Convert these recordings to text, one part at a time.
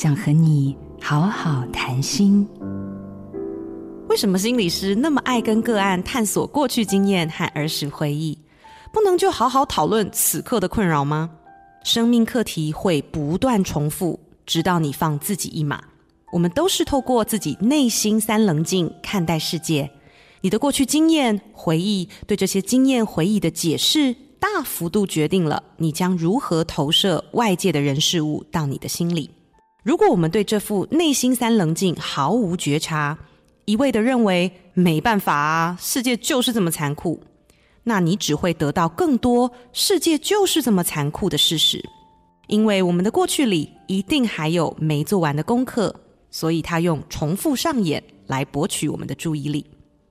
想和你好好談心。為什麼心理師那麼愛跟個案探索過去經驗和兒時回憶？不能就好好討論此刻的困擾嗎？生命課題會不斷重複，直到你放自己一馬。我們都是透過自己內心三稜鏡看待世界。你的過去經驗、回憶，對這些經驗回憶的解釋，大幅度決定了你將如何投射外界的人事物到你的心裡。如果我們對這副內心三稜鏡毫無覺察，一味的認為沒辦法啊，世界就是這麼殘酷，那你只會得到更多“世界就是這麼殘酷”的事實。因為我們的過去裡一定還有沒做完的功課，所以他用重複上演來博取我們的注意力。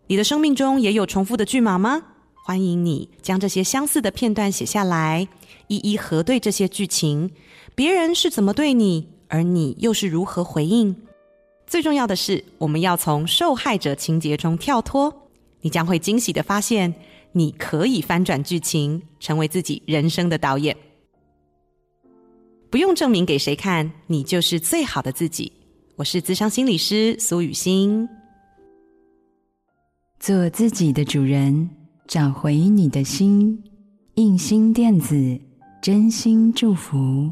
你的生命中也有重複的劇碼嗎？歡迎你將這些相似的片段寫下來，一一核對這些劇情，別人是怎麼對你？而你又是如何回應？最重要的是，我們要從受害者情節中跳脫。你將會驚喜地發現，你可以翻轉劇情，成為自己人生的導演。不用證明給誰看，你就是最好的自己。我是諮商心理師蘇予昕，做自己的主人，找回你的心。映興電子，真心祝福。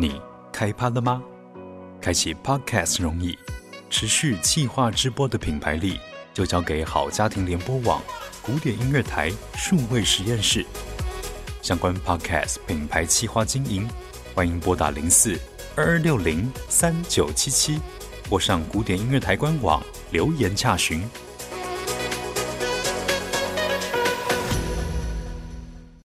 你開拍了嗎？開啟 podcast 容易，持續企劃直播的品牌力就交給好家庭聯播網、古典音樂台、數位實驗室。相關 podcast 品牌企劃經營，歡迎撥打零四二二六零三九七七，或上古典音樂台官網留言洽詢。